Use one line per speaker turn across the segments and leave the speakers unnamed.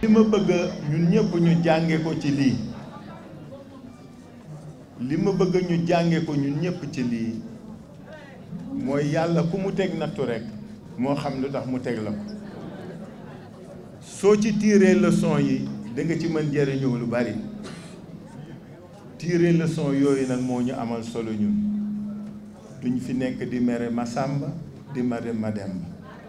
li ma bëgg ñun ñëpp ñu jànge ko ci lii li ma bëgg ñu jànge ko ñun ñëpp ci lii mooy yàlla ku mu teg nattu rek moo xam lu tax mu teg la ko soo ci tiiree leçon yi da nga ci mën jëriñoo lu bari tiiree leçon yooyu nag moo ñu amal solo ñun duñ fi nekk di mere Masamba di mere Mademba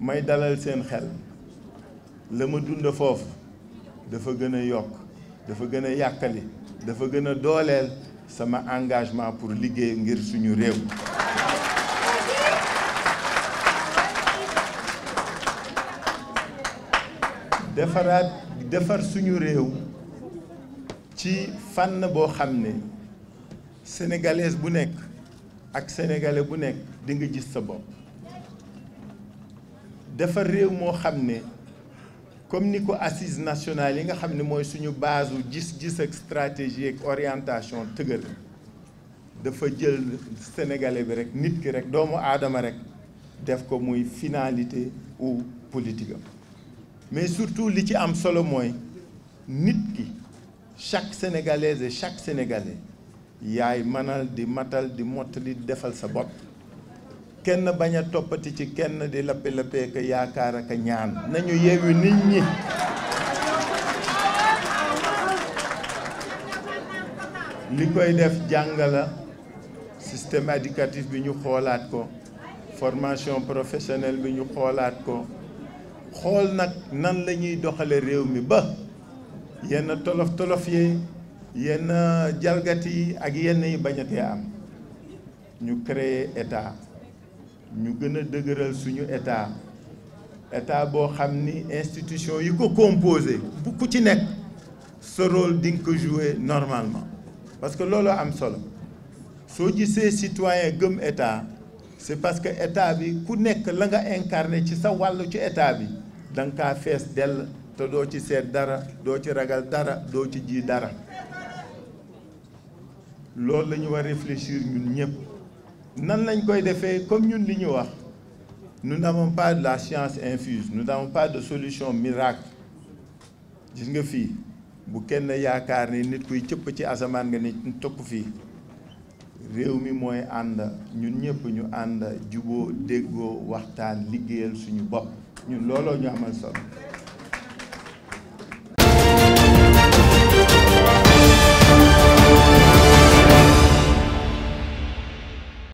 may dalal seen xel la ma dund foofu dafa gën de yokk dafa gën de dafa gën a sama engagement pour liggéey ngir suñu réew defaraat defar suñu réew ci fànn boo xam ne bu ak sénégalais bu nekk di nga dafa réew moo xam ne comme ni ko assise nationale yi nga xam ne mooy suñu base gis-gis ak stratégie ak orientation tëgër dafa jël sénégalais bi rek nit ki rek doomu aadama rek def ko muy finalité ou politique am mais surtout li ci am solo mooy nit ki chaque sénégalaise et chaque sénégalais yaay manal di matal di mottali defal sa bopp kenn bañ a toppati ci kenn di lappi-lappee ka yaakaar ak ñaan nañu yeewi nit ñi li koy def jàng la système éducatif bi ñu xoolaat ko formation professionnelle bi ñu xoolaat ko xool nag nan lañuy ñuy doxale réew mi ba yenn tolof-tolof yi yenn jalgati yi ak yenn yi am ñu créer état ñu gën a dëgëral suñu état état boo xam ni institution yi ko composé bu ku ci nekk sa rôle di ko jouer normalement parce que loolu am solo soo gisee citoyen gëm état c'est parce que état bi ku nekk la nga incarné ci sa wàll ci état bi da nga kaa fees dell te doo ci seet dara doo ci ragal dara doo ci ji dara loolu la ñu war réfléchir ñun ñëpp comme ñun nous n'avons pas de la science infuse nous n'avons pas de solution miracle gis nga fii bu kenn yaakaar ni nit kuy cëpp ci asamaan nga ni de fii réew mi mooy ñun ñëpp ñu ànd waxtaan suñu ñun